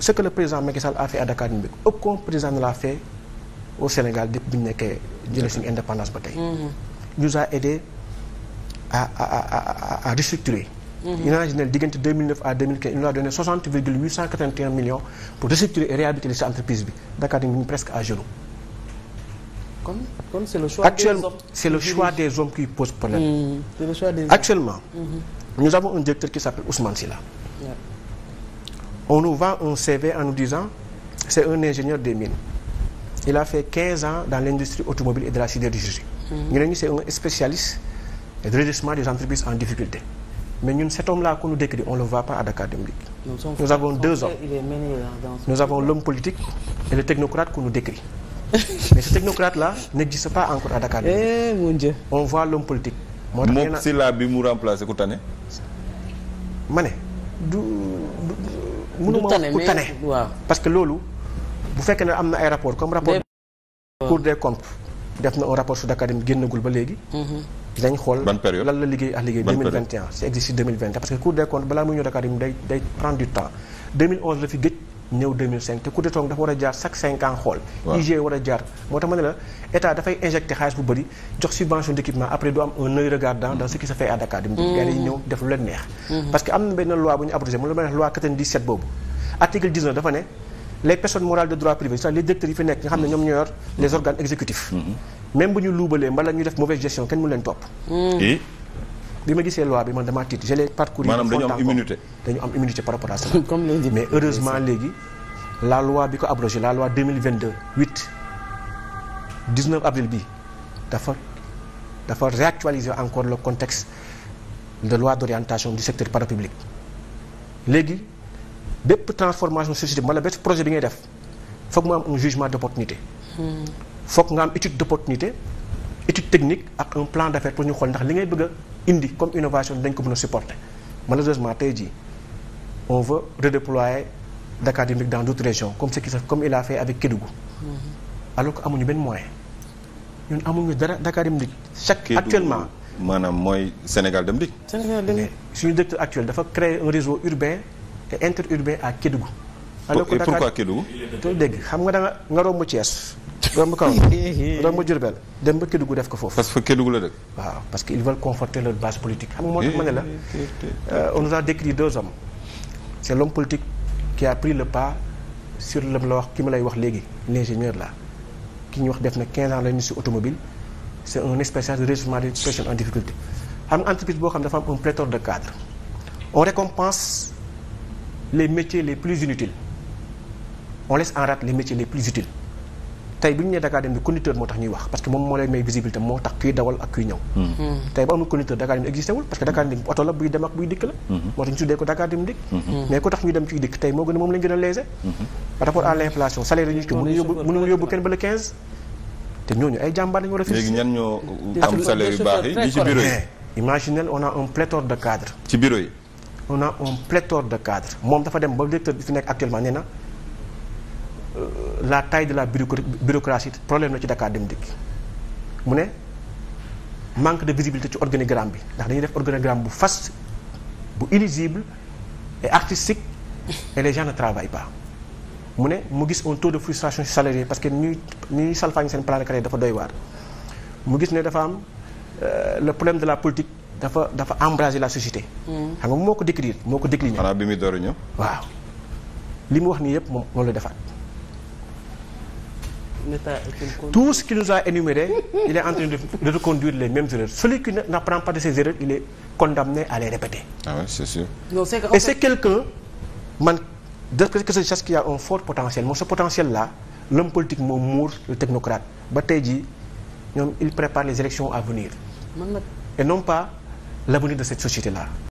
ce que le président Macky Sall a fait à u ñu bëgg aucun président ne l'a fait au Sénégal depuis bi nekkee jëlee suñu indépendance ba tey. Mhm. nous a aidé à à à à à restructurer. Mhm. diggante à 2015 il nous a donné 60 virgule 881 millions pour restructurer et réhabiliter entreprise bi Dakar ñu presque à genoux. kon kon c'est le choix actuellement c'est le choix des hommes qui pose problème. c'est le choix des actuellement. Mhm. nous avons un directeur qui s'appelle Ousmane Sylla. on nous vend un CV en nous disant c'est un ingénieur des mines il a fait 15 ans dans l'industrie automobile et de la sidérurgie ñu ne ñu c'est un spécialiste de des entreprises en difficulté mais ñun cet homme là qu'on nous décrit on le voit pas à Dakar nous avons deux hommes nous avons l'homme politique et le technocrate qu'on nous décrit mais ce technocrate là n'existe pas encore à Dakar eh on voit l'homme politique bi mu remplacé ku tane ma mënuma wax ku tane parce que loolu bu fekkee ne am na ay rapport comme rapport Cour de comptes def na un rapport sur d'académie génnagul ba léegi mhm. dinañ xool lan la liggéey ak liggéey 2021 c'est exercice 2021 parce que Cour des comptes balaa muy ñëw d'académie day day prendre du temps 2011 la fi gëj ñëw 2005 te coup d'état dafa war a jaar chaque 5 ans xool. IG e war a jaar moo tax ma ne la état dafay injecté xaalis bu bëri jox subvention d'équipement après du am un œil dans ce qui se fait à mm. yi ñëw def lu leen neex. Mm. parce que am na benn loi bu ñu abrogé mu la ma neex loi 97 boobu article 19 dafa ne. les personnes morales de droit privé cest les directeurs yi fi nekk nga xam ne ñoom ñoo yor les organes exécutifs. Mm. bi ma gisee loi bi man damaa tiit je l'ai parcouru. maanaam dañu am immunité dañu par rapport à cela. mais heureusement léegi la loi bi ko abrogé la loi 2022 8 19 avril bi dafa dafa réactualiser encore le contexte de loi d'orientation du secteur parapublic léegi bépp transformation société wala bépp projet bi ngay def foog mu am un jugement d'opportunité. Hmm. foog nga am étude d'opportunité étude technique ak un plan d'affaires pour ñu xool ndax li ngay bëgg indi comme innovation dañ ko mën a supporter malheureusement tey jii on veut redéployer Dakar Dem Dikk dans d'autres régions comme ce qui comme il a fait avec Kédougou. Mm-hmm. alors que amuñu benn moyen ñun amuñu dara Dakar Dem Dikk chaque actuellement maanaam mooy Sénégal Dem Dikk. Sénégal Dem Dikk suñu directeur actuel dafa créer un réseau urbain et interurbain à Kédougou. alors que Dakar pourquoi Kédougou. dégg xam nga da nga romb Thiès. romb kaw romb Jurbel dem ba Kédougou def ko foofu. parce que Kédougou la dëkk. waaw parce que ils veulent conforter leur base politique xam nga moo tax ma ne la euh, on nous a décrit deux hommes c' est politique qui a pris le pas sur la wax ki ma lay wax léegi l'ingénieur là ki ñu wax def na 15 ans la ñu si automobile c' est un spécialiste de réseautement des personnes en difficulté xam nga entreprise boo xam dafa am un pléthore de cadres on récompense les métiers les plus inutiles en rade les métiers les tey bu ñu nee Dakar dem bi conducteur moo tax ñuy wax parce que moom moo lay may visibilité moo tax kuy dawal ak kuy ñëw hmm. Hmm. tey bu amul conducteur Dakar dem existé wul parce que Dakar dem oto moom lañ gën a hmm. ci mënuñu yi on a un pléthore de cadres ci moom dafa dem ba directeur bi fi nekk actuellement nee na la taille de la bureaucratie problème la ci Dakar dem dikk mu ne manque de visibilité ci organigramme bi ndax dañuy def organigramme bu fast bu illisible et artistique et les gens ne travaillent pas mu ne mu gis un taux de frustration ci salarié parce que ñuy ñuy salfaañ seen plan de dafa doy waar mu gis ne dafa am euh, le problème de la politique dafa dafa embraser la société mm. xam nga moo ko décrire moo ko décliner xanaa bi muy door ñëw waaw li mu wax nii yëpp moom moom la Tout ce qu'il nous a énuméré, il est en train de, de reconduire les mêmes erreurs. Celui qui n'apprend pas de ses erreurs, il est condamné à les répéter. Ah c'est sûr. Et c'est quelqu'un, man, que c'est chasse qui a un fort potentiel. Mais ce potentiel-là, l'homme politique moom muur le technocrate ba tey jii ñoom il prépare les élections à venir et non pas l'avenir de cette société-là